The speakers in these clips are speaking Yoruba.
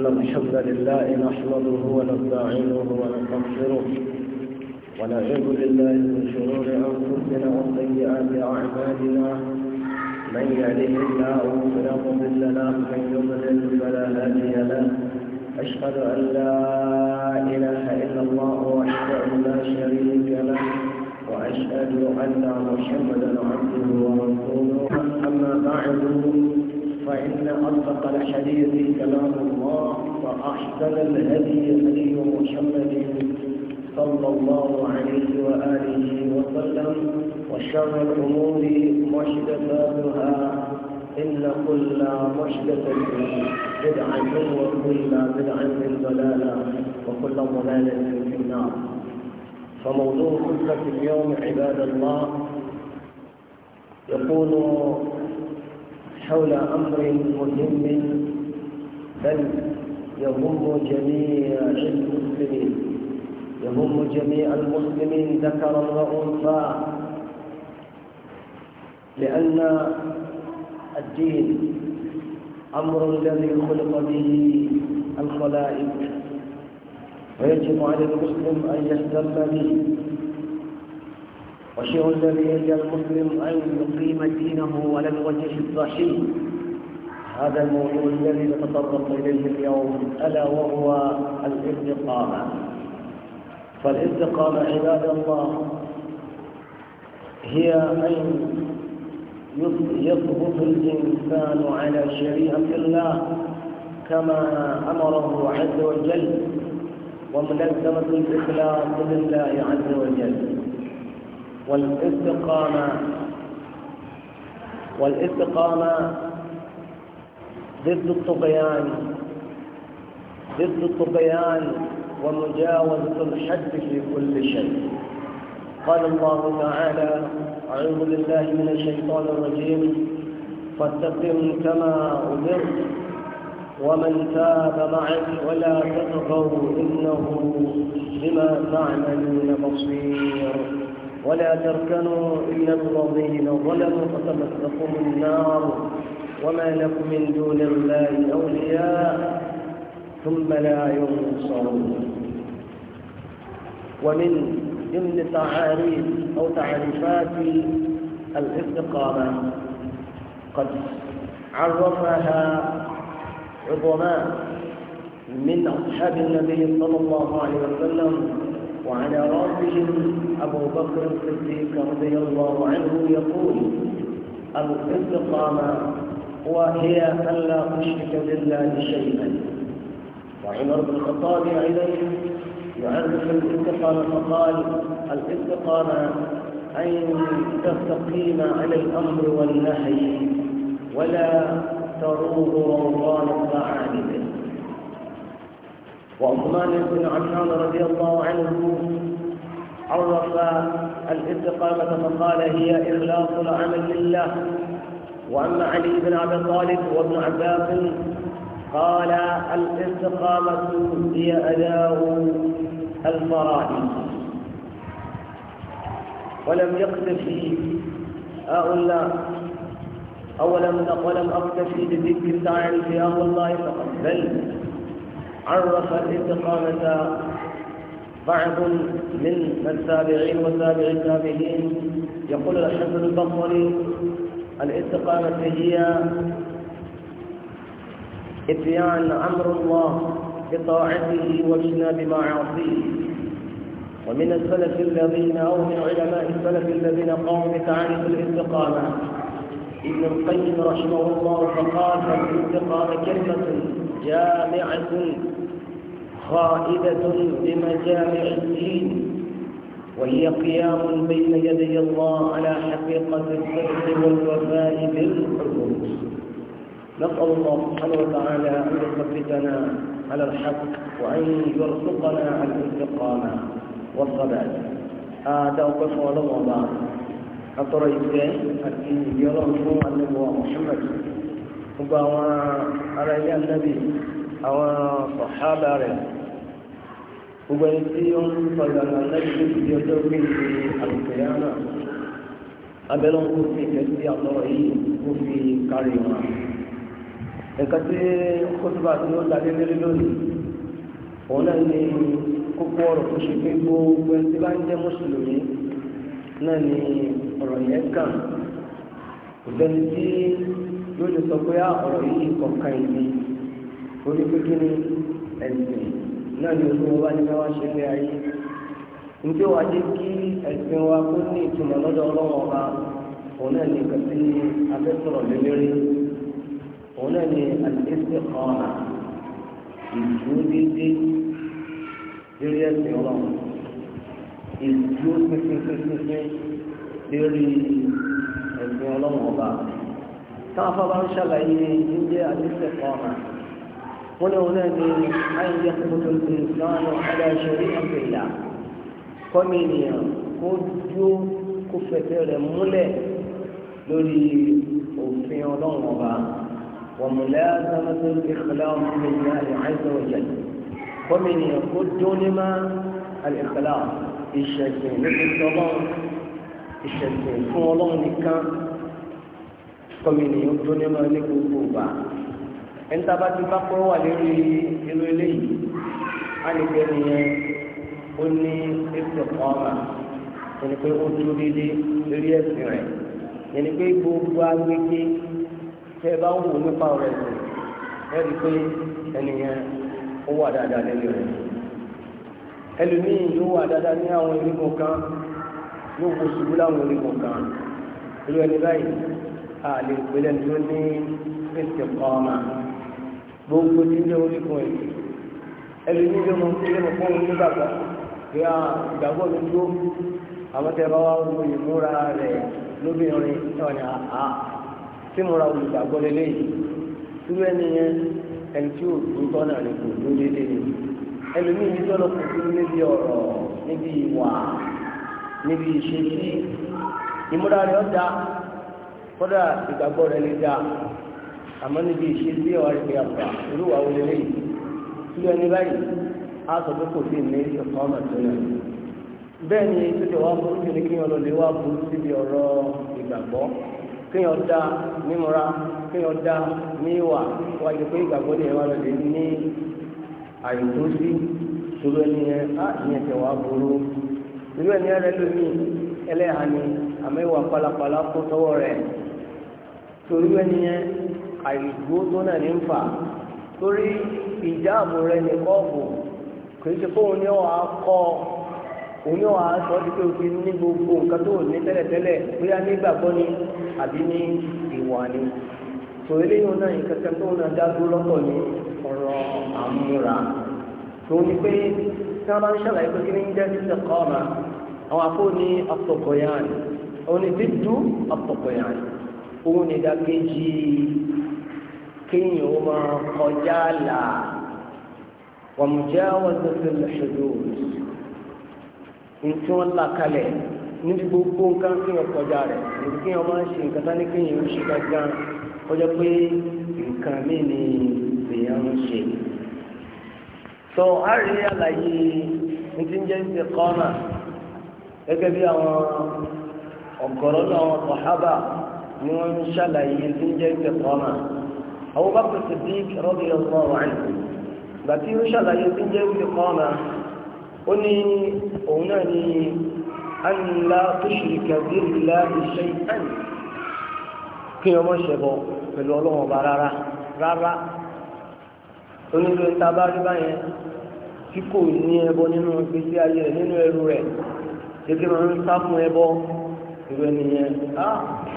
إن الحمد لله نحمده ونستعينه ونستغفره ونعوذ بالله من شرور أنفسنا وسيئات أعمالنا من يهده الله فلا مضل له من يضلل فلا هادي له أشهد أن لا إله إلا الله وحده لا شريك له وأشهد أن محمدا عبده ورسوله أما بعد فإن أصدق الحديث كلام الله وأحسن الهدي هدي محمد صلى الله عليه وآله وسلم وشر الأمور محدثاتها إن كل محدثة بدعة وكل بدعة ضلالة وكل ضلالة في النار فموضوع خطبة اليوم عباد الله يقول حول أمر مهم بل يهم جميع المسلمين يهم جميع المسلمين ذكرا وأنثى لأن الدين أمر الذي خلق به الخلائق ويجب على المسلم أن يهتم به وشيء الذي يجعل المسلم أن يقيم دينه على الوجه الصحيح هذا الموضوع الذي نتطرق إليه اليوم ألا وهو الاستقامة فالاستقامة عباد الله هي أن يثبت الإنسان على شريعة الله كما أمره عز وجل وملزمة الإخلاص لله عز وجل والاستقامة والاستقامة ضد الطغيان ضد الطغيان ومجاوزة الحد في كل شيء قال الله تعالى أعوذ بالله من الشيطان الرجيم فاستقم كما أمرت ومن تاب معك ولا تطغوا إنه بما تعملون بصير ولا تركنوا إلى الذين ظلموا فقد لكم النار وما لكم من دون الله أولياء ثم لا ينصرون ومن ضمن تعاريف أو تعريفات الاستقامة قد عرفها عظماء من أصحاب النبي صلى الله عليه وسلم وعلى راسهم أبو بكر الصديق رضي الله عنه يقول الاستقامة وهي ألا تشرك بالله شيئا وعمر بن الخطاب عليه يعرف الاستقامة فقال الاستقامة أن تستقيم على الأمر والنهي ولا تروض روضان الطاعات وعثمان بن عفان رضي الله عنه عرف الاستقامة فقال هي إخلاص العمل لله وأما علي بن أبي طالب وابن عباس قال الاستقامة هي أداء الفرائض ولم يقتفي هؤلاء أولم ولم أقتفي بذكر تعرف الله فقط بل عرف الاستقامة بعض من التابعين وتابع التابعين يقول الحسن البصري الاستقامة هي اتيان أمر الله بطاعته واجتناب معاصيه ومن السلف الذين أو من علماء السلف الذين قاموا بتعريف الاستقامة ابن القيم رحمه الله فقال الاستقامة كلمة جامعة قائدة بمجامع الدين وهي قيام بين يدي الله على حقيقة الصدق والوفاء بالحدود نسأل الله سبحانه وتعالى أن يثبتنا على الحق وأن يرزقنا الاستقامة والصلاة هذا وقف ولوضع أترى أن أتي يرزق النبوة محمد وقال على النبي أو صحابة عليه gbogbo ẹni tí ó ń sọ̀rọ̀ àwọn ẹlẹ́gbẹ̀ẹ́ tó di ọjọ́ orí ìṣe àlùfẹ́yàmà abẹ́lẹ́ kó fi ìfẹ́ sí àtọ́rọ̀ yìí kó fi kárí wọn. ẹ̀ka tí kótóbà tí ó dàbí lérí lónìí òun náà ni kókó ọ̀rọ̀ tó ṣe pé gbogbo ẹni tí bá ń jẹ́ mùsùlùmí náà ni ọ̀rọ̀ yẹn kàn kò tí yóò lè sọ pé ah, ọ̀rọ̀ yìí kọ̀ọ̀kan ìdí onípékiní ẹ̀sìn náà ni olúwo bá ní káwá ṣe lé ayé njẹ́ wàá jẹ́ kí ẹ̀sìn wa kó ní ìtumọ̀ lọ́dọ̀ ọlọ́wọ́ ọba òun náà ní kàtí afẹ́sọ̀rọ̀ lélẹ́rí òun náà ní àdéhùn ọ̀nà ìdúródédé lórí ẹ̀sìn ọlọ́run ìdúró pínpínpínpín lórí ẹ̀sìn ọlọ́run ọba táwọn afọ bá ń ṣàlàyé ní jẹ́ àdéhùn ọ̀nà wọ́n lọ́wọ́ náà ni àyè yẹ kó tó ti sọ́nà ọ̀dà ìṣòrí àpèlà kọ́mi ènìyàn kó dúró kó fẹsẹ̀ rẹ̀ múlẹ̀ lórí òfin ọlọ́run ọba wọ̀mùlẹ́ sábàtà ìkọlá ọmọdé ní àìsàn ọ̀jẹ̀ kọ́mi ènìyàn kó dúró ní má àìkọlá ìṣẹ̀sìn lórí ọlọ́run ìṣẹ̀sìn fún ọlọ́run nìkan kọ́mi ènìyàn dúró ní má ní gbogbo ọba ẹnta bá ti bá pọ́ wà lórí irú eléyìí á lè gbé nìyẹn ó ní ètò ọ̀mà ẹni pé ó dúró dédé lórí ẹ̀sìn rẹ̀ ẹni pé gbogbo agbègbè tẹ́ ẹ bá wò nípa ọ̀rọ̀ ẹ̀sìn ẹ̀ rí pé ẹni yẹn ó wà dáadáa lẹ́yìn rẹ̀ ẹlòmíì yóò wà dáadáa ní àwọn onígun kan yóò wo ṣubú láwọn onígun kan irú ẹni báyìí a lè pè lẹ́nu tó ní ètò ọ̀mà gbogbo tí ń jẹ́ oníkun ẹ̀ ẹni ní ìjọba ilé mọ̀ fún omi bàbá pé a ìgbàgbọ́ mi dúró àwọn tẹ́ bá wá ń lo ìmúra rẹ̀ lóbìnrin náà ni àá tí mo ra olùgbàgbọ́ lélẹ́yìn túbọ̀ ẹni yẹn ẹni tí ò dúró tọ́nà rẹ̀ kò dúró déédéé ni ẹlòmíì ní tọ́lọ̀ kò dúró níbi ọ̀rọ̀ níbi ìwà níbi ìṣesí ìmúra rẹ̀ ọ̀dà kọ́dà ìgbàgbọ́ rẹ̀ lè dáa àmọ́ níbi ìṣe sí ọ̀rọ̀ ìpè àpá olúwa olè lè tí ẹni báyìí á sọ pé kò sí ní ọ̀pọ̀ ọmọ tó yẹ. bẹ́ẹ̀ ni tó jẹ́ wá burú jù ní kí wọ́n lè wá burú síbi ọ̀rọ̀ ìgbàgbọ́ kí wọ́n dá mímúra kí wọ́n dá níwà wáyé pé ìgbàgbọ́ ni ẹ̀wọ̀n lè ní àìkú sí irú ẹni yẹn á ìyẹn tẹ̀ wá burú irú ẹni rẹ ẹlẹ́hàá ni àmọ́ ìwà pálapàla kó sọ́wọ́ rẹ̀ torí ẹni yẹn àìgbó tó náà ní ń fà torí ìjáàbò rẹ ní kọ́ọ̀bù kìí ṣe fóun ní wàá kọ́ òun ní sọ ọ́ pé ní gbogbo nǹkan tó ní tẹ́lẹ̀tẹ́lẹ̀ bóyá nígbàgbọ́ ni àbí ní ìwà ni tò eléyìí náà tó náà lọ́tọ̀ ní ọ̀rọ̀ àmúra tó ní pé tí wọ́n bá ń ṣàlàyé pé kí ni jẹ́ títẹ̀ kọ́ àwọn ní ọ̀pọ̀pọ̀ yàn òun ni dídú ọ̀pọ̀pọ̀ yàn òun kéèyàn ó máa kọjá là wàmùjá wàzẹ́fẹ́ lọ́sọ̀dọ̀ nǹkan wọn là kalẹ̀ níbi gbogbo nǹkan kéèyàn kọjá rẹ̀ níbi kéèyàn máa ń ṣe nǹkan tání kéèyàn ń ṣe gángan kọjá pé nǹkan mí ni èèyàn ń ṣe. sọ àárín àlàyé ní ti ń jẹ́ ti kọ́nà gẹ́gẹ́ bí àwọn ọ̀gọ̀rọ̀ náà àwọn sàhábà ni wọ́n ń ṣàlàyé ní ti ń jẹ́ ti kọ́nà. Abubakar Siddiq radiyallahu anhu ìgbà tí ó ṣàlàyé tí ń jẹ́ wípé kọ́ọ̀nà ó ní òun náà ní an la tushrika billahi shay'an kí ọmọ ṣẹbọ pẹ̀lú ọlọ́wọ́n ọba rárá rárá onílò ìta bá rí báyẹn tí kò ní ẹbọ nínú gbèsè ayé rẹ nínú ẹrú rẹ gẹ́gẹ́ máa ń sá fún ẹbọ ìrọ ènìyàn á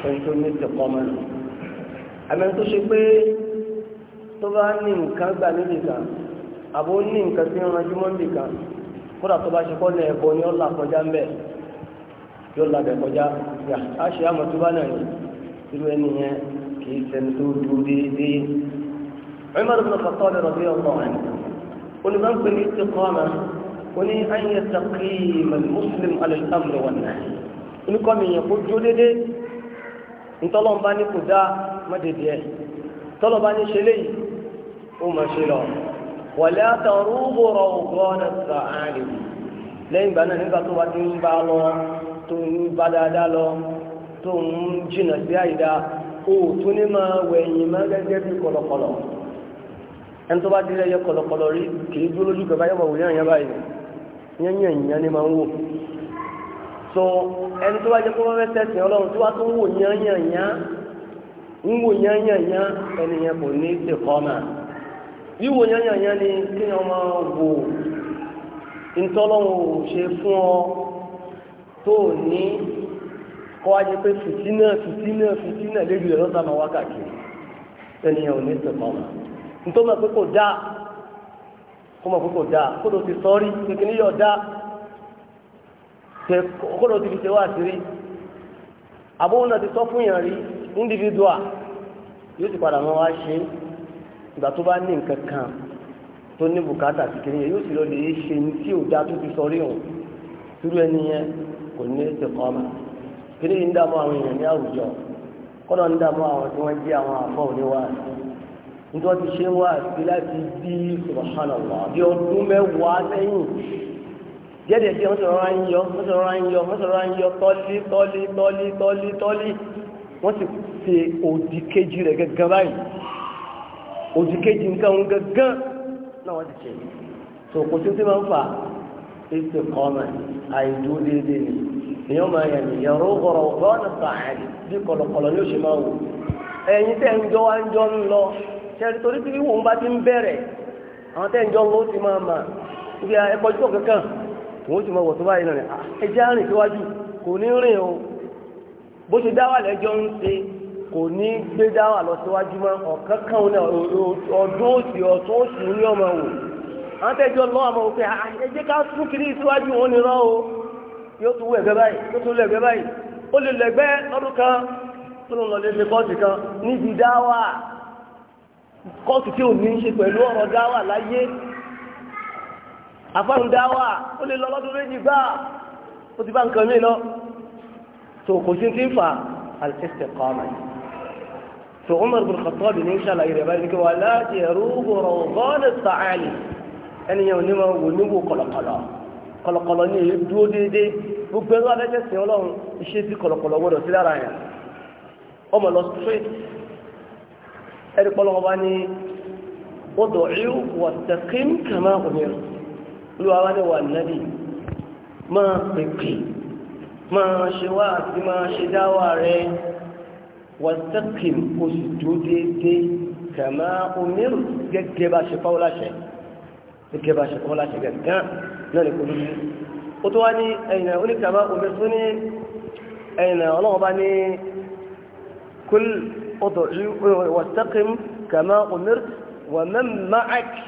ẹni tó ní tẹkọ mọ àmì tó ṣe pé tó bá ní nǹkan gbà níbi kan àbó ní nǹkan tí wọ́n rájú mọ́ níbi kan kódà tó bá ṣe kọ́ lẹ̀ ẹ̀bọ ni ó là kọjá ń bẹ̀ yóò là bẹ̀ kọjá yà á ṣe àmọ́ tó bá nà ní irú ẹni yẹn kì í sẹni tó dúró déédéé. Umar ibn Khattab radiyallahu anhu olùbánpẹ̀ ní ti kọ́ ọ̀nà oní ayé takí mùsùlùm alẹ́sàmù wọn mọ́tẹ̀dẹ̀ ẹ̀ tọ́lọ̀ bá ní ṣe léyìí ó mọ̀ ṣe lọ wọ̀lẹ́ àtàrú bọ̀rọ̀ ọ̀gọ́nà sàárè lẹ́yìn ìgbà náà nígbà tó wá ti ń bá lọ tó ń bá dáadáa lọ tó ń jìnà sí àyídá ó tún ní máa wẹ̀yìn máa gẹ́gẹ́ bí kọ̀lọ̀kọ̀lọ̀ ẹni tó bá dílé yẹ kọ̀lọ̀kọ̀lọ̀ rí kì í dúró lójú kẹfà yọ̀bọ̀ wòlíyàn yẹn báyìí so ẹni tó bá jẹ́ kó wọ́n fẹ́ tẹ̀sìn ọlọ́run tó wá tó ń wò yẹn yẹn yẹn ń wò yányányá ẹnìyẹn kò ní ṣe kọ́mà wíwò yányányá ni kéèyàn máa wò ntọ́lọ́wọ́ ṣe fún ọ tó ní kọ́ ajé pé fìtínà fìtínà fìtínà lébi rẹ̀ lọ́sàmà wákàtí ò ní kọ́mà pé kò pé kò ti kékeré ti fi ṣe wá sí individual yóò ti padà wọn wá ṣe ìgbà tó bá ní nǹkan kan tó ní yóò sì lọ lè ṣe ní tí ò dá tó ti sọ rí òun irú ẹni yẹn kò ní ti kọ́ ọ́mà kéde yìí ń dààmú àwọn èèyàn ní àwùjọ kọ́nà ń dààmú àwọn tí wọ́n jẹ́ àwọn àfọ́ òní wá nítorí wọ́n ti ṣe wá sí láti bí subhanallah bí ọdún mẹ́wàá sẹ́yìn jẹ́dẹ̀ẹ́dẹ́ wọ́n sọ̀rọ̀ yọ wọ́n sọ̀rọ̀ yọ wọ́n sọ̀rọ̀ wọ́n sì ṣe òdì kejì rẹ̀ gẹ́gẹ́ báyìí òdì kejì nǹkan gẹ́gẹ́ náà wọ́n ti ṣe tó kò tí ó ti máa ń fà ètò kọ́mẹ̀ àìdúró déédéé ni èèyàn máa yàn ní yàrá ọ̀rọ̀ ọ̀gbọ́n sàárì bí kọ̀lọ̀kọ̀lọ̀ ni ó ṣe máa wò ẹ̀yin tẹ́ ń jọ wá ń jọ ń lọ ṣẹ́ni torí tí wíwò ń bá ti ń bẹ̀rẹ̀ àwọn tẹ́ ń jọ ń ti máa mà ibi ẹ̀kọ́ jù kankan òun ti máa wọ̀ tó báyìí náà ni ah, ẹ̀jẹ̀ àrìn bó ṣe dáwà lẹ́jọ́ ń ṣe kò ní gbé dáwà lọ síwájú mọ́ ọ̀kan kan ọdún òsì ọ̀tún òsì ní ọmọ wò àwọn lọ́wọ́ àmọ́ òfin ká o yóò tún báyìí yóò tún báyìí kan tó lọ kan níbi tí ò ní ṣe pẹ̀lú ọ̀rọ̀ láyé ó lè lọ lọ́dún méjì ó ti so kò sí ti fa al-istiqama so umar bin khattab ní ṣàlàyé rẹ̀ báyìí kí wà láti ẹ̀rú gbòòrò gọ́ọ̀dẹ̀ sàáàlì ẹnìyàn ní ma wò níwò kọ̀lọ̀kọ̀lọ̀ kọ̀lọ̀kọ̀lọ̀ ní èyí dúró déédéé gbogbo ẹlú alẹ́ tẹ̀sìn ọlọ́run iṣẹ́ tí kọ̀lọ̀kọ̀lọ̀ gbọdọ̀ sí lára yẹn ọmọ lọ straight ẹni pọ́lọ́wọ́ bá ní ọdọ̀ ìlú wàtàkìm kàmá òmìnir olúwa wá ní wà nàbì máa pèpè máa ṣe wá àti máa ṣe dáwà rẹ wàtẹ́kìm oṣù tó déédéé kàmá omiru gẹ́gẹ́ bá ṣe fáwọn láṣẹ gẹ́gẹ́ bá ṣe fáwọn láṣẹ gẹ́gẹ́ náà ní kò lójú ó tó wá ní ẹ̀yìn náà ó ní kàmá omiru tó ní ẹ̀yìn náà ọlọ́wọ́ bá ní kúl ọdọ̀ wàtẹ́kìm kàmá omiru wàmẹ́m máàkì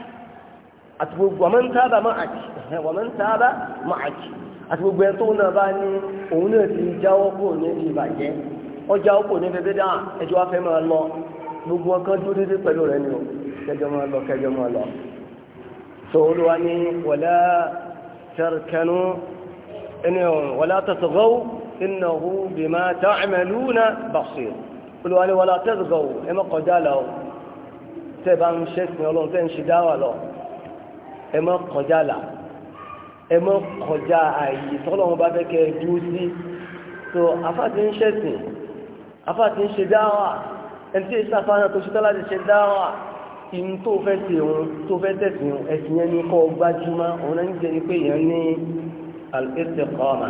àti gbogbo wàmẹ́n tábà máàkì wàmẹ́n tábà máàkì àti gbogbo ẹ tó náà bá ní òun náà ti jáwọ́ kò ní ìbàjẹ́ wọ́n jáwọ́ kò ní bẹ́bẹ́ dáhà ah, ẹjọ́ afẹ́ máa lọ gbogbo ọkàn dúró dédé pẹ̀lú rẹ ni o kẹjọ máa lọ kẹjọ máa lọ. tó olúwa ní wọlé tẹrkẹnu ẹni ọ̀run wọlé tẹsọ̀gọ́ innahu bima ta'maluna basir olúwa ní wọlé tẹsọ̀gọ́ ẹ má kọjá lọ tẹ bá ń ṣẹ́sìn ọlọ́run tẹ ń ṣe dáwà lọ ẹ má kọjá lọ ẹ mọ́ kọjá ààyè tọ́lọ́wọ́n bá fẹ́ kẹ́ sí so afáàtí ń ṣẹ̀sìn afáàtí ń ṣe dáwà ẹni tí ìṣàfà náà tó ṣetán láti ṣe dáwà inú tó fẹ́ ṣe òun tó fẹ́ tẹ̀sìn ẹ̀sìn yẹn ní kọ́ gbájúmọ́ òun náà ń jẹ́ ni pé èèyàn ní al-istiqama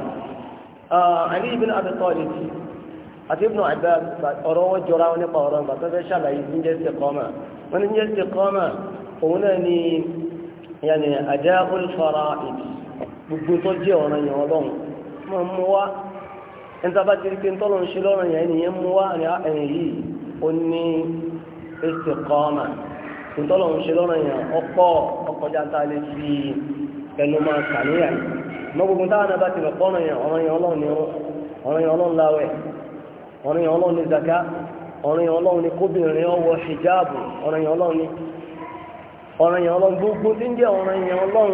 Ali ibn Abi Talib àti gbogbo tó jẹ́ ọ̀ràn yẹn ọlọ́run máa mú wá ẹni tá a bá ti rí pé ń tọ́lọ́ ń ṣe lọ́rùn yẹn ẹni yẹn mú wá ẹ̀yìn yìí ó ní istiqama ìtọ́lọ̀ ń ṣe lọ́rọ̀ èèyàn ọ̀pọ̀ ọkọjá tá lè fi ẹnu máa kàníyà mọ́gbogbo táwọn náà bá ti rọ̀pọ̀ ọ̀rọ̀ èèyàn ọ̀rọ̀ èèyàn ọlọ́run ni ọ̀rọ̀ èèyàn ọlọ́run láwẹ̀ ọ̀rọ̀ ni zaka ọ̀rọ̀ èèyàn ni kóbìnrin ọwọ́ hijabu ọ̀rọ̀ èèyàn ọlọ́run ni ọ̀rọ̀ èèyàn ọlọ́run gbogbo tí ń jẹ́ ọ̀rọ̀ èèyàn ọlọ́run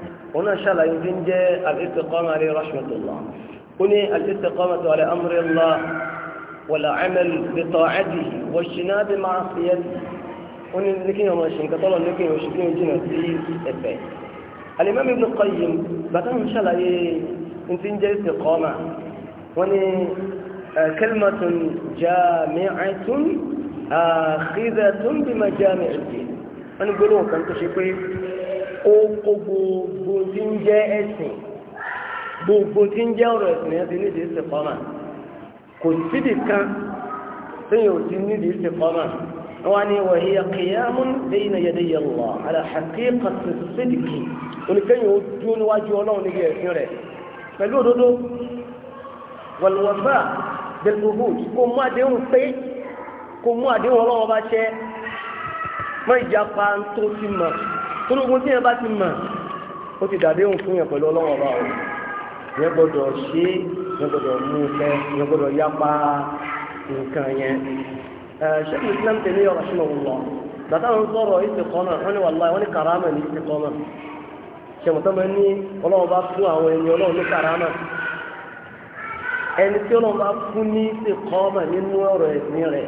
òun náà ṣàlàyé tí ń jẹ́ al-istiqama alayhi rahmatullah ó ní al-istiqamatu ala amri Allah wal-amal bi ta'atihi wal-ijtinab ma'siyatihi ó ní níkí ọmọ ṣe nǹkan tọ́lọ̀ níkí oṣù kí o jìnà sí ẹ̀fẹ̀ al-imam ibn qayyim bàtà ń ṣàlàyé tí ń jẹ́ istiqama wọ́n ní kalimatun jami'atun akhidhatun bi majami' al-din wọ́n ní gbólóhùn kan tó ṣe pé ó kó gbogbo tí ń jẹ́ ẹ̀sìn gbogbo tí ń jẹ́ ọ̀rọ̀ ẹ̀sìn yẹn ti nídìí ṣe fọ́mà kò sídìí kan sẹ́yìn ò ti nídìí ṣe fọ́mà wọ́n ní wọ̀nyí akéyàmú lẹ́yìn ayẹyẹ yẹn lọ àlàhàkí kàtó sídìkì oníkẹ́yìn ó dúró níwájú ọlọ́run níbi ẹ̀sìn rẹ̀ pẹ̀lú òdodo wọ̀lùwọ̀fà bẹ̀lùbù kò mú àdéhùn pé kò mú àdéhùn ọlọ́run bá ṣẹ́ mọ́ ìjàpá tó ti mọ̀ torí ogun tí yẹn bá ti mọ̀ ó ti dàdé òun fún yẹn pẹ̀lú ọlọ́wọ́ bá ọ yẹn gbọ́dọ̀ ṣe yẹn gbọ́dọ̀ mú fẹ́ yẹn gbọ́dọ̀ yapa nǹkan yẹn ẹ ṣẹ́kù islam tẹ̀lé ọ̀rọ̀ ṣe lọ́wọ́ lọ bàtà ń sọ̀rọ̀ ìsìnkọ́nà wọn ni wàlláhì wọn ni karama ní ìsìnkọ́nà ṣèmọ̀tọ́mọ ní ọlọ́wọ́ bá fún àwọn ẹni ọlọ́wọ́ ní karama ẹni tí ọlọ́wọ́ bá fún ní ìsìnkọ́nà nínú ọ̀rọ̀ ẹ̀sìn rẹ̀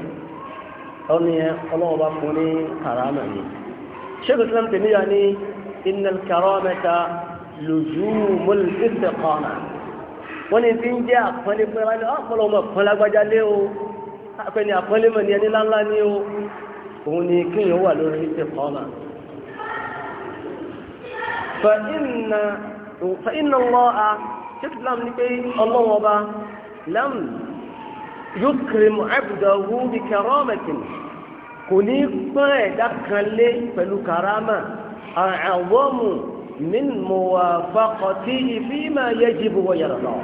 ọ شيخ الإسلام تيمية ní إن الكرامة لزوم الاستقامة wọ́n ní tí ń jẹ́ àpọ́nlé pé rárá ọ̀pọ̀lọ́ ọmọ ọ̀pọ̀lọ́ agbájá lé o àpẹni àpọ́nlé mọ̀ ní ẹni láńlá ní o òun ni kíyàn wà lórí istiqama. fa inna Allaha ṣéṣù láàm ní pé ọlọ́wọ́n ọba lam yukrim abdahu bi karamatin kò ní pọ́n ẹ̀dá kan lé pẹ̀lú karama àwọ̀mù min muwafaqatihi fima yajibu wa yarda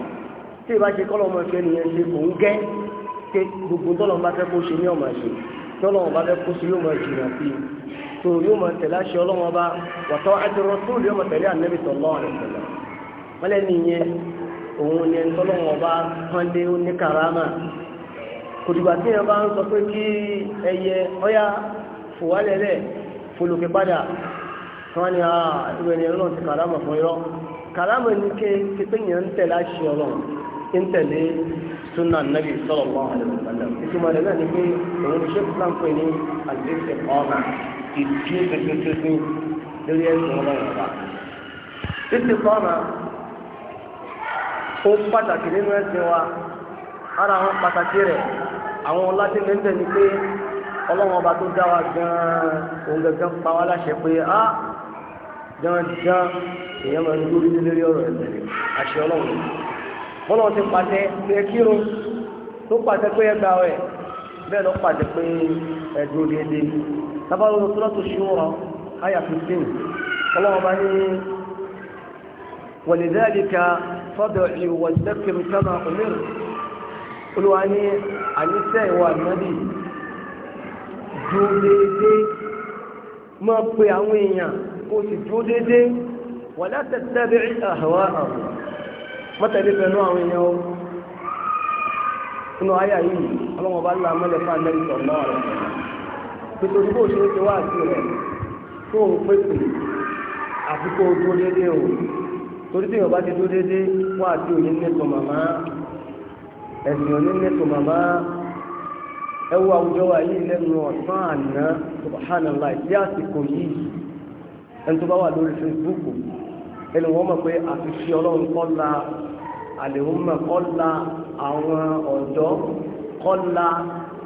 tí ìbá ṣe kọ́lọ̀ ọmọ ìfẹ́ nìyẹn ṣe kò ń gẹ́ pé gbogbo tọ́lọ̀ bá fẹ́ kó ṣe ní ọmọ ṣe tọ́lọ̀ bá fẹ́ kó ṣe yóò máa jìnnà sí i tó yóò máa tẹ̀lé aṣọ ọlọ́wọ́n bá wàtọ́ àti rọ́túlù yóò máa tẹ̀lé ànábì sallallahu alaihi wasallam kò dìgbà tí èèyàn bá ń sọ pé kí ẹyẹ ọyá fòwálẹ̀lẹ̀ fòlòkè padà wọ́n ni àwọn ènìyàn náà ti kàrámà fún irọ́ kàrámà ní ké ti ń tẹ̀lé sallallahu alaihi wasallam ìtumọ̀ rẹ̀ náà ni pé òun ṣe fún láǹpẹ ní àdéhùn ọ̀nà ìdí pẹpẹpẹpẹ lórí ẹ̀sìn ọlọ́run ọba ó pàtàkì nínú ẹ̀sìn wa ara àwọn pàtàkì rẹ̀ àwọn ọlájẹ́ mẹ́ńbẹ̀ ni pé ọlọ́run ọba tó dá wa gan-an òun gangan pa wá láṣẹ pé á dandan èèyàn máa ń lórí lórí ọ̀rọ̀ ẹ̀sẹ̀ àṣẹ ọlọ́run bọ́lọ́run ti pàṣẹ pé ẹ kírun tó pàṣẹ pé ẹ gbà ẹ bẹ́ẹ̀ lọ pàṣẹ pé ẹ dúró déédéé tábàlórí sọ́lọ́tò ṣúwọ́ àyà fifteen ọlọ́run ọba ní wọ̀lẹ̀dẹ́ẹ̀dẹ́ka fọ́dọ̀ ìwọ̀sẹ̀kìm kama ọ̀mẹ́rù olùwà ní àníṣe ìwọ ànábì dúró déédéé máa pe àwọn èèyàn kó o sì dúró déédéé wọ́n láti tẹ́lẹ̀ àhàwá àwọn mọ́tẹ́lẹ́ pẹ̀lú àwọn èèyàn o inú ayé ayé yìí ọlọ́wọ́n bá lá mọ́lẹ̀ fún ànábì sọ̀rọ̀ náà rẹ̀ pètò ìdíbò ṣe é ṣe wá àti rẹ̀ tó o pèsè àfikún dúró déédéé o torí tí yorùbá ti dúró déédéé wá àti òye nípa màmá ẹ̀sìn onílẹ̀tò màmá ẹwọ àwùjọ wa yìí lẹ́nu ọ̀sán àná subhanallah sí àsìkò yìí ẹni tó bá wà lórí facebook ẹni wọ́n mọ̀ pé àfiṣe ọlọ́run kọ́la àlèhùnmọ̀ kọ́la àwọn ọ̀dọ́ kọ́la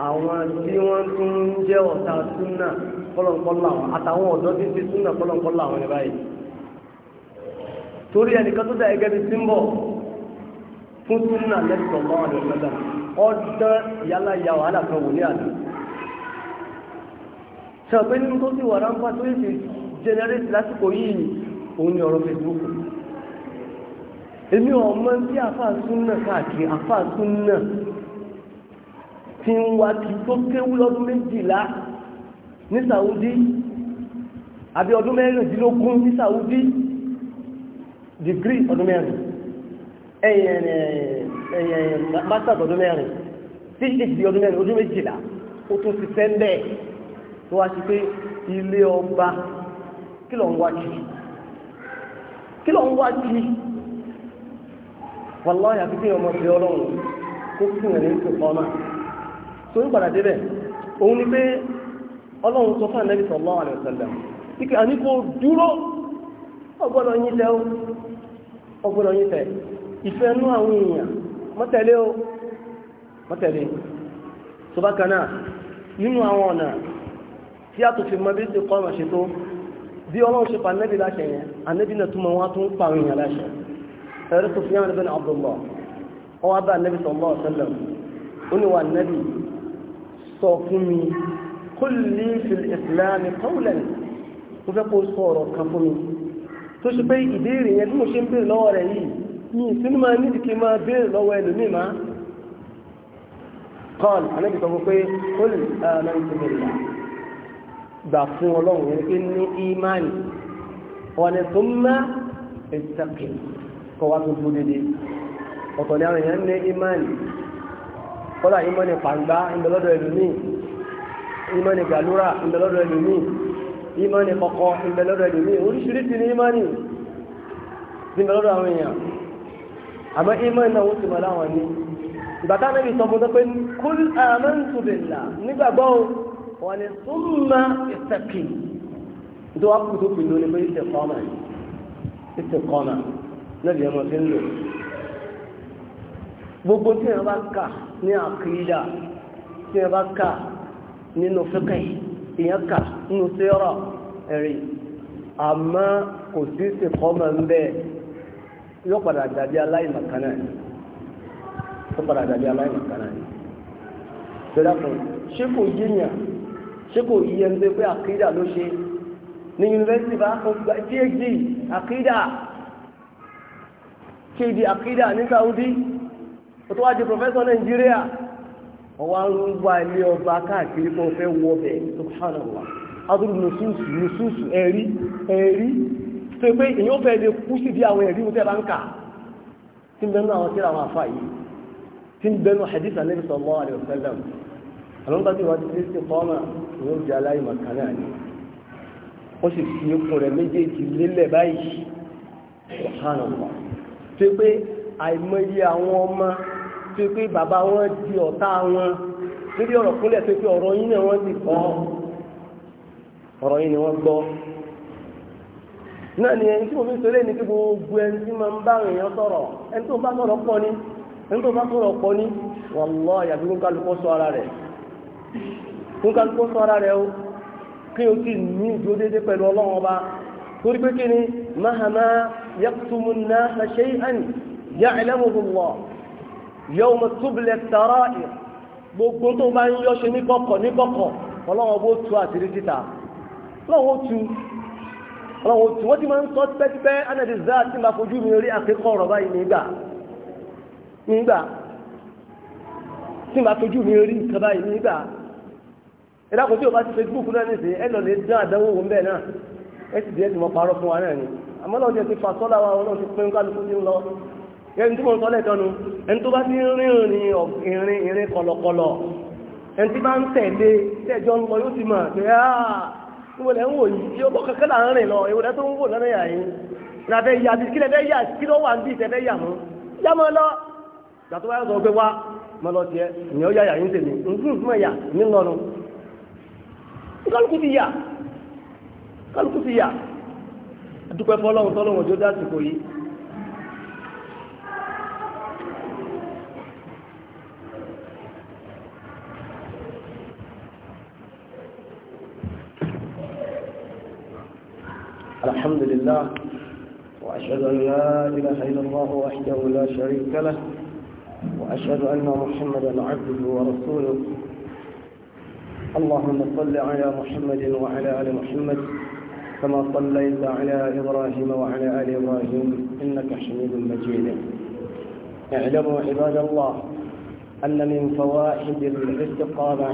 àwọn tí wọ́n tún ń jẹ́ ọ̀tá súnà kọ́lọ̀kọ́lọ̀ àwọn àtàwọn ọ̀dọ́ tí ti súnà kọ́lọ̀kọ́lọ̀ àwọn ẹ̀ báyìí torí ẹnìkan tó dá ẹgẹ́ bí símbọ̀ fún súnà lẹ́sọ̀ lọ́wọ́ rẹ̀ sọ́dà ọdún yálà ya wàhálà kan wò ní àná ṣàpé nínú tó sì wà ráńpá tó yẹ ti generate lásìkò yìí òun ni ọ̀rọ̀ facebook èmi ọmọ bí àfà súnà káàkiri àfà súnà ti ń wá kí tó kéwú lọ́dún méjìlá ní Saudi àbí ọdún mẹ́rìndínlógún ní Saudi degree ọdún mẹ́rin masters ọdún mẹ́rin phd ó tún tó pé kí ń wá ọmọ ìṣẹ́ ọlọ́run kó fún ẹ̀rẹ́ ìṣẹ́ tó ń padà débẹ̀ òun ni pé ọlọ́run àníkò dúró tẹ́ ìfẹ́ inú àwọn èèyàn mọ́tẹ̀lé o mọ́tẹ̀lé tó bá kan náà nínú àwọn ọ̀nà tí a tó fi mọ bí kọ́ ọ̀nà ṣe tó bí ọlọ́run ṣe pa anẹ́bí láṣẹ yẹn anẹ́bí náà túnmọ̀ wọn tó ń pa àwọn èèyàn láṣẹ ẹ̀rọ tó fi hàn lẹ́bẹ̀ẹ́ Abdullah ọ rẹ̀ yìí ní ìsinmi máa ní ìdíkì máa béèrè lọ́wọ́ ẹlòmíì máa kọ́ọ̀lù anábì sọ pé ó lè máa ń tóbi ìlà gbà fún ọlọ́run yẹn pé ní ìmánì ọ̀nà tó má ìtàkì kọ́ wá tó dúró dédé ọ̀tọ̀ ni àwọn èèyàn ní ìmánì kọ́lá ìmánì pàǹgbá ìbẹ̀lọ́dọ̀ ẹlòmíì ìmánì gàlúrà ìbẹ̀lọ́dọ̀ ẹlòmíì ìmánì kọ̀kọ̀ ìbẹ̀lọ́dọ̀ ẹlòmíì oríṣiríṣi ní ìmánì ìbẹ̀lọ́dọ̀ àwọn èèyàn àmọ́ ìmọ̀ náà wọ́n ti mọ̀ láwọn ní ìbátá náà yìí sọ fún pé kúl amantu billah nígbàgbọ́ wọn ni súnmọ́ ìsẹ̀kì tó wá kú tó fi lónìí pé ìsẹ̀kọ́mà ìsẹ̀kọ́mà náà lè mọ̀ sí ń lò gbogbo tí wọ́n bá kà ní àkìlá tí wọ́n bá kà nínú fíkẹ́ ìyẹn kà nínú sẹ́rọ̀ ẹ̀rí àmọ́ kò sí ìsẹ̀kọ́mà ń bẹ́ẹ̀ yóò padà dàbí aláìmọ̀kánà ẹ̀ yóò padà dàbí aláìmọ̀kánà ẹ̀ gbẹdàkùn ṣé kò yíyàn ṣé kò yíyẹ ń pé àkídà ló ṣe ní yunifásitì bá kó gba phd àkídà phd àkídà ní Saudi ó tó wá di professor Nàìjíríà ọwọ́ ilé ọba káàkiri kó fẹ́ wọ adúlù tó pé èyàn fẹ́ lè kú sí bí àwọn ẹ̀rí tẹ́ bá ń kà tí ń bẹnu àwọn tíra àwọn àfa yìí tí ń bẹnu hadith anabi sallallahu alaihi wasallam àwọn bá ti wá ti sí kọ́mà ìwọ́n di aláìmọ̀ kan náà ni ó sì fi ikùn rẹ̀ méjèèjì lélẹ̀ báyìí subhanallah tó pé àìmọye àwọn ọmọ tó pé bàbá wọn di ọ̀tá wọn níbi ọ̀rọ̀ kúnlẹ̀ tó pé ọ̀rọ̀ yín ni wọ́n ti kọ́ ọ̀rọ̀ yín ni wọ́n gbọ́ náà ni ẹni tí mo fi sọ lẹ́yìn kí gbogbo ẹni tí máa ń bá èèyàn sọ̀rọ̀ ẹni tó bá sọ̀rọ̀ pọ̀ ni ẹni tó bá sọ̀rọ̀ pọ̀ ni wàllọ́ àyàfi kó kálukọ́ sọ ara rẹ̀ kó kálukọ́ sọ ara rẹ̀ o kí o ti ní ìdúró déédéé pẹ̀lú ọlọ́run ọba torí pé kí ni mahama yaqtumunna shay'an ya'lamuhu Allah yawma tubla sarair gbogbo tó bá ń yọ ṣe ní kọ̀kọ̀ ní kọ̀kọ̀ ọlọ́run ọba tu àtìrí síta ọlọ́run tu àwọn òtún wọ́n ti máa ń sọ tipẹ́tipẹ́ anadi zaa ti máa fojú mi rí àkíkọ́ ọ̀rọ̀ báyìí nígbà nígbà tí máa fojú mi rí nǹkan báyìí nígbà ẹ̀dá tí o bá ti Facebook náà ní ẹ lọ lè dán àdánwò wọn bẹ́ẹ̀ náà ẹ sì díẹ̀ tí mo parọ́ fún wa náà ni àmọ́ náà jẹ́ ti fa sọ́lá wa wọn náà ti pín kálukú ti ń lọ ẹni tí mo ń sọ lẹ́ẹ̀kan nu ẹni tó bá ti rìn ìrìn ìrìn kọ̀lọ̀kọ̀lọ̀ ẹni tí bá ń tẹ̀lé tẹ̀jọ́ ń lọ yóò ti mọ̀ pé áà ìwọlẹ ń wò yìí ka bọ kankan là ń rìn lọ ìwọlẹ tó ń wò lọ́nà yà yín ìrìnàfẹ yà bí kílẹ̀ ya yà kí ló wà ń bì tẹ́ ya yà mọ́ yà mọ́ lọ gbàtọ́ wáyà sọ pé wá mọ́ lọ tiẹ̀ ìyẹn ó yà yà yín tèmi nǹkan mọ̀ yà ní lọ́nu kálukú ti yà kálukú ti yà dúpẹ́ fọlọ́run tọ́lọ́run ọjọ́ yìí الحمد لله وأشهد أن لا إله إلا الله وحده لا شريك له وأشهد أن محمدا عبده ورسوله اللهم صل على محمد وعلى آل محمد كما صليت على إبراهيم وعلى آل إبراهيم إنك حميد مجيد اعلموا عباد الله أن من فوائد الاستقامة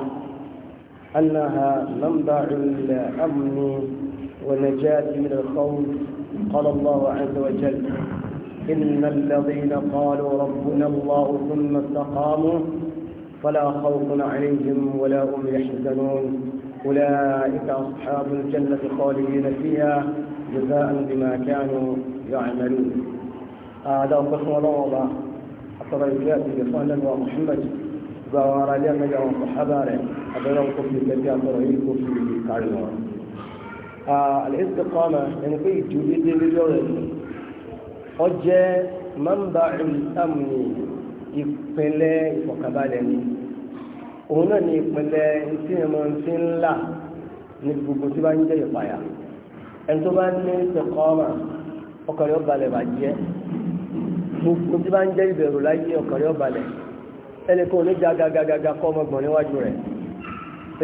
أنها منبع الأمن والنجاة من الخوف قال الله عز وجل إن الذين قالوا ربنا الله ثم استقاموا فلا خوف عليهم ولا هم يحزنون أولئك أصحاب الجنة خالدين فيها جزاء بما كانوا يعملون هذا آه قسم الله أترى الكاتب صلى الله محمد وعلى النبي وصحبه abẹ́rẹ́ wọn kò fi ìfẹ́ tí a sọ̀rọ̀ yìí kò fi kárí wọn. àlẹ́sẹ̀ kọ́nà ẹni pé ìjú dédé lórí ọ̀rẹ́ mi ọ jẹ́ mọ́ńbà ìlúsàmù ìpínlẹ̀ ìfọ̀kànbalẹ̀ ni òun náà ni ìpínlẹ̀ tí ẹ̀mọ́ ti ń là ní gbogbo tí bá ń jẹ́ ìpayà ẹni tó bá ní ìsẹ̀kọ́mà ọkọ̀rẹ́ ọ̀balẹ̀ bàjẹ́ gbogbo tí bá ń jẹ́ ìbẹ̀rù láyé ọkọ̀rẹ́ ọ̀balẹ̀ ẹnì kan ò ní já gàgàgàgà kọ́ ọmọgbọ̀n níwájú rẹ̀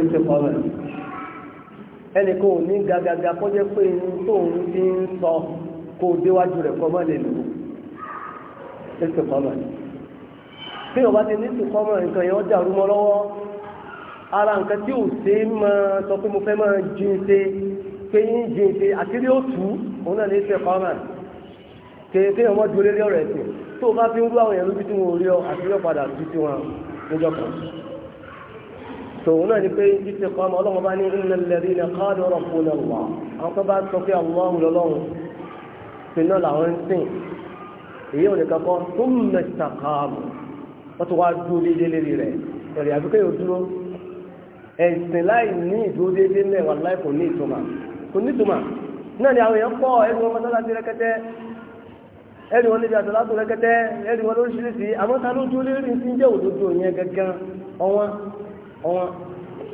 ẹ̀ṣẹ̀ kọ́rọ̀ ẹnì kan ò ní gàgàgà kọ́jẹ́ pé inú tóun ti ń sọ kó o déwájú rẹ̀ kọ́ mọ́ lè lò ẹ̀ṣẹ̀ kọ́rọ̀ bí ọba ti ní ẹ̀ṣẹ̀ kọ́rọ̀ nǹkan yẹn ó dàrú mọ́ lọ́wọ́ ara nǹkan tí ò ṣe é máa sọ pé mo fẹ́ máa jí ń ṣe pé yín jí ń ṣe àkírí ó tù ú òun náà ní ẹ̀ṣẹ̀ kọ́rọ̀ kéèké ọmọ dúró lórí ẹ̀sìn tó o bá fi ń rú àwọn èèyàn lójú tí wọn ò rí ọ àti ọ̀padà lójú tí wọn níjọ kan tòun náà ni pé títí kan ọmọ ọlọ́run bá ní innal ladhina qalu rabbuna Allah àwọn tó bá sọ pé Ọlọ́run lọ́lọ́run ti náà làwọn ń sìn èyí ò ní kankan tó mẹ́ta káàmù wọ́n ti wá dúró déédéé lérí rẹ̀ ẹ̀rẹ̀ àbíkẹ́ yóò dúró ẹ̀sìn láì ní ìdúró déédéé náà wà láì kò ní ìtumà kò ní ìtumà náà ni àwọn èèyàn pọ̀ ẹni wọn mọ́sálásí rẹ́kẹ́tẹ́ ẹni wọn níbi àtàlátò rẹ́kẹ́tẹ́ ẹni wọn lóríṣiríṣi àmọ́ ló dúró lérí sí jẹ́ òdodo yẹn gẹ́gẹ́ ọwọ́n ọ̀wọ́n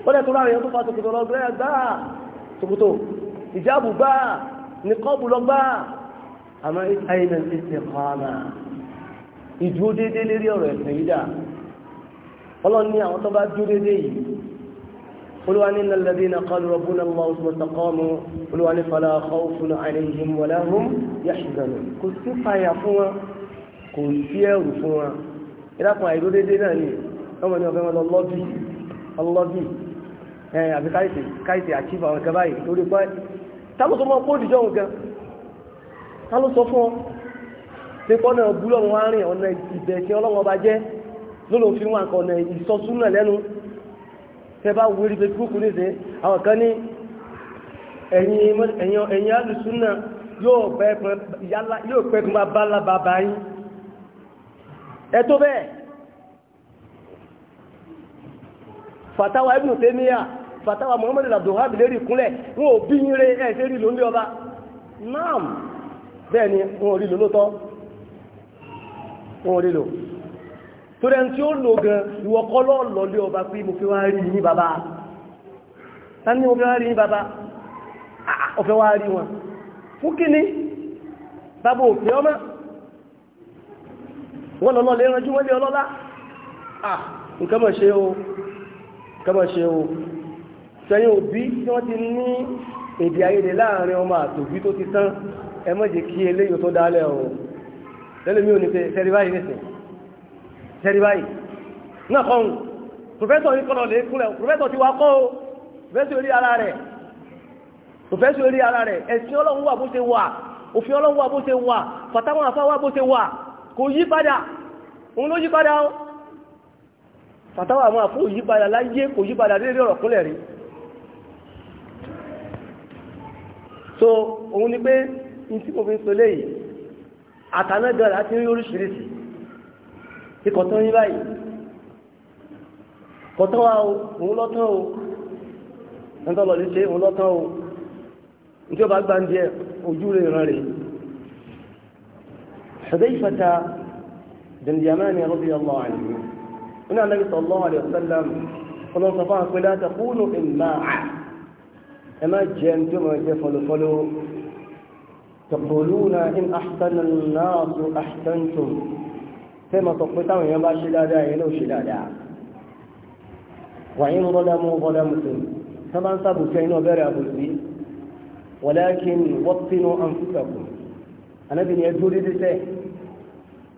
ó lẹ́tọ́ láwọn èèyàn tó fa tòkòtò lọ gbẹ́rẹ́ gbá tòkòtò ìjáàbù gbá nìkọ́bù lọ gbá àmọ́ àyìnà ti ti kọ́ọ̀nà ìdúró déédéé lérí ọ̀rọ̀ ẹ̀sìn yìí dà ọlọ́run ní àwọn tó bá dúró déédéé yìí olúwa ní nàlẹ́bí na kọ́ lọ́wọ́ bú lọ́wọ́ ọ̀sùnmọ̀tàkọ́mù olúwa ní fàlà ọ̀fún ni ọmọ ní ọ̀fẹ́ ọlọ́dún ẹ̀yìn àbí káìsì káìsì àchífà àwọn ẹ̀kẹ́ báyìí torí pẹ́ tálùsọ mọ́ kó dìjọ́ nǹkan tálùsọ fún ọ pé kọ́nà búlọ̀ wọn á rìn ọ̀nà ìbẹ̀ tí ọlọ́wọ́n bá jẹ́ lólo fi wọn kan ọ̀nà ìsọsúnà lẹ́nu tẹ́ bá wúrí pé kúrúkú nìṣe àwọn kan ní ẹ̀yìn alùsúnà yóò pẹ́kun bá bá lábàbá yín ẹ tó bẹ́ẹ̀ fatawa ibnu temiya fatawa muhammadu abdulhab lérí ìkúnlẹ̀ wọn ò bí yín re rí ló ọba naam bẹ́ẹ̀ ni wọn ò rí lò lóòótọ́ wọn ò rí lò torí ẹni tí ó lò gan ìwọ kọ́ lọ́ọ́ lọ lé ọba pé mo fi wá rí yín bàbá ta ni mo fi wá rí yín bàbá ọ̀fẹ́ ah, wá rí wọn fún kí ni bàbá wọ́n lé ọlọ́lá ah nǹkan mọ̀ ṣe o kọ́mọ̀ ṣe o sẹ́yìn òbí tí wọ́n ti ní èdè ayédè láàrin ọmọ àtòbí tó ti tán ẹ má jẹ́ kí eléyìí tó dálẹ̀ o lẹ́lẹ́mí ò ní pé sẹ́rí báyìí nìsín sẹ́rí báyìí náà kọ́ pòfẹ́sọ̀ ní kọ́lọ̀ lè kúnlẹ̀ pòfẹ́sọ̀ ti wá kọ́ o pòfẹ́sọ̀ orí ara rẹ̀ pòfẹ́sọ̀ orí ara rẹ̀ ẹ̀sìn ọlọ́run wà bó ṣe wà òfin ọlọ́run wà bó ṣe wà fàtàwọn àfáwà bó ṣe wà kò yí padà òun ló yí padà o fàtàwà àwọn àfún òyípadà láyé kò yípadà lórí ọ̀rọ̀ kúnlẹ̀ rí so òun ni pé n tí mo fi ń so léyìí àtànágàrà ti ń rí oríṣiríṣi ikọ̀ tó ń rí báyìí kọ̀tọ́ wa o òun lọ́tọ́ o ẹ̀ńtọ́ lọ́ọ́ lè ṣe òun lọ́tọ́ o ní tí ó bá gbá ń díẹ̀ ojú rẹ̀ rán rẹ̀ Hudayfata bin Yamani radiyallahu anhu ní Ànábì sallallahu alaihi wasallam ọlọ́run sọ fún àpẹẹrẹ láti kúrò ìmọ̀ à ẹ má jẹ ní tí ó máa jẹ fọlọfọlọ taquluna in ahsana an-nasu ahsantum tẹ́ ma sọ pé táwọn èèyàn bá ṣe dáadáa yẹn ló ṣe dáadáa wàyí ń rọ́dá mú rọ́dá mùsùlùmí tó bá ń sábùkẹ́ inú ọbẹ̀rẹ̀ àbùsí walakin wattinu anfusakum anábìnrin ẹdúró dídí sẹ́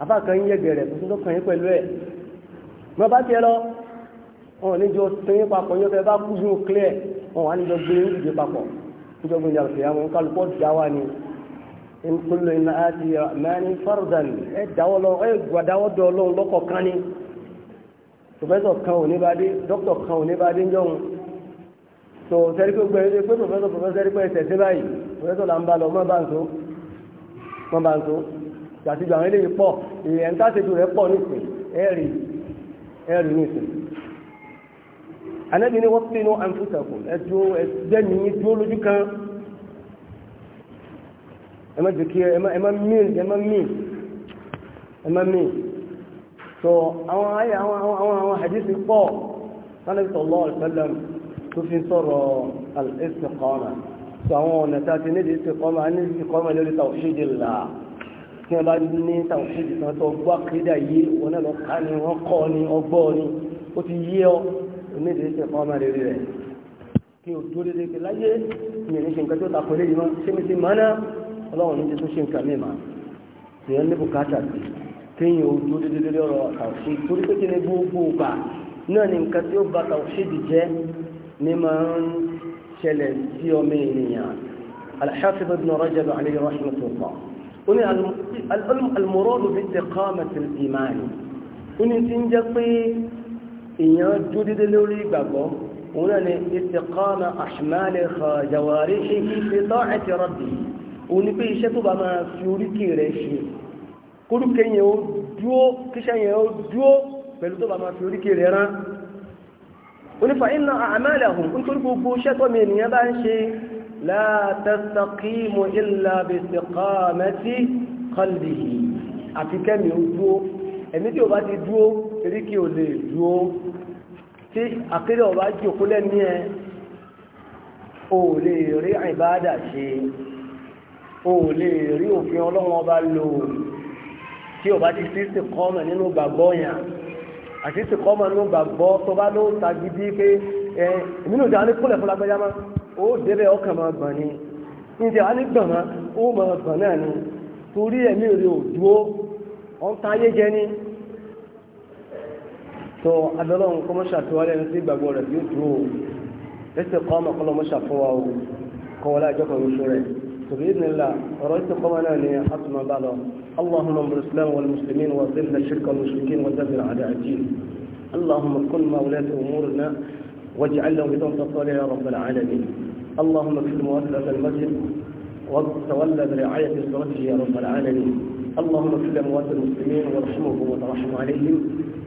afáàkàn yẹ gẹ̀rẹ̀ tó tó kàn yín pẹ̀lú ẹ̀ mọ bá tiẹ̀ lọ wọn níjọ tẹyìn papọ̀ yọ fẹ́ bá kú yóò clear wọn wà níjọ gbé ìdíje papọ̀ níjọ gbé ìdíje àfẹ́yà wọn kálukọ́ dá wa ni nkulu iná àti mẹ́ni fardan ẹ dáwọ́ lọ ẹ gbàdáwọ́ dọ̀ lọ́wọ́ lọ́kọ̀ kan ni professor kan ò ní bá dé doctor kan ò ní bá dé ń jọun so sẹ́ríkò gbé ẹgbẹ́ pé professor professor sẹ́ríkò ẹsẹ̀ sí báyìí professor là ń bá lọ mọ́ bá ń so mọ́ bá ń so àti ìgbà àwọn eléyìí pọ̀ ìyẹn ń tàṣejù rẹ̀ pọ̀ nísìnyí ẹ rí i ẹ̀rù ní ìsìn anábì ní wọ́n pinnu àǹfùsàkùn ẹ̀dùn ẹ̀dẹ́ni dúró lójú kan ẹ má jẹ́ kí ẹ má mìín ẹ má mìín ẹ má mìín tó àwọn ayé àwọn àwọn àwọn àdìsí pọ̀ sálẹ̀ sọ̀lọ́ ọ̀sẹ̀lẹ̀m tó fi sọ̀rọ̀ al-istiqama tó àwọn ọ̀nà tá a ti ní ìsìnkọ́mà ní ìsìnkọ́mà lórí tawhidillah tí wọ́n bá ní tàwùsíìdì kan tó gbọ́ àkédà yé wọn náà lọ ká ni wọ́n kọ́ ni ọgbọ́ ni ó ti yé ọ onídìrí ṣe fún ọmọ rere rẹ̀ kí o dúró dédé pé láyé mi ní ṣe nǹkan tó takò lé yìí mọ́ ṣé mi ti mọ́ náà ọlọ́run Al-Hafiz Ibn Rajab alayhi rahmatullah ó ní almuradu bi istiqamati al-iman ó ní tí ń jẹ́ pé èèyàn dúró dédé lórí ìgbàgbọ́ òun náà ni istiqama ahmal jawarihi fi ta'ati rabbih òun ni pé iṣẹ́ tó bá máa fi oríkì ṣe kórúkẹ́ لا تستقيم إلا باستقامة قلبه àti kẹ́mi ó dúó ẹ̀mí tí ó bá ti dúó torí kí o lè dúó tí àkídà ọba jòkó lẹ́ní ẹ o lè rí ìbádà ṣe o lè rí òfin ọlọ́wọ́n ọba lò tí ọba ti sí sí kọ́mọ̀ nínú gbàgbọ́ yàn àti sí kọ́mọ̀ nínú gbàgbọ́ tó bá ló tagidi pé ẹ̀ ìmínú ìdáni kúlẹ̀ fún lágbẹ́já máa ó débẹ̀ ọkàn máa gbọ̀n ni níjẹ́ wá ní gbọ̀n ó máa gbọ̀n náà ni torí ẹ̀mí rẹ̀ ò dúó ọ̀n ta ayé jẹ́ ni tó adọ́lọ́run kọ́mọ́ṣà tó wálé ẹni sí ìgbàgbọ́ rẹ̀ yóò dúó lẹ́sẹ̀ kọ́ ọmọ بإذن الله رأيت قمنا لحطم بلو اللهم انظر الإسلام والمسلمين الشرك والمشركين ودبر أعداء الدين اللهم كن مولاة أمورنا لهم بدون تصالح يا رب العالمين اللهم اكفر مؤسسة المسجد وتولى برعاية صلاته يا رب العالمين اللهم اكفر لاموات المسلمين وارحمهم وترحم عليهم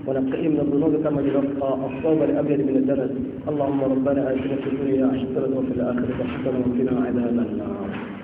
ونقيهم من الظنوب كما يلقى الصوم الابيض من الدرس اللهم ربنا اتنا في الدنيا حسنه وفي الاخره حسنه وقنا عذاب النار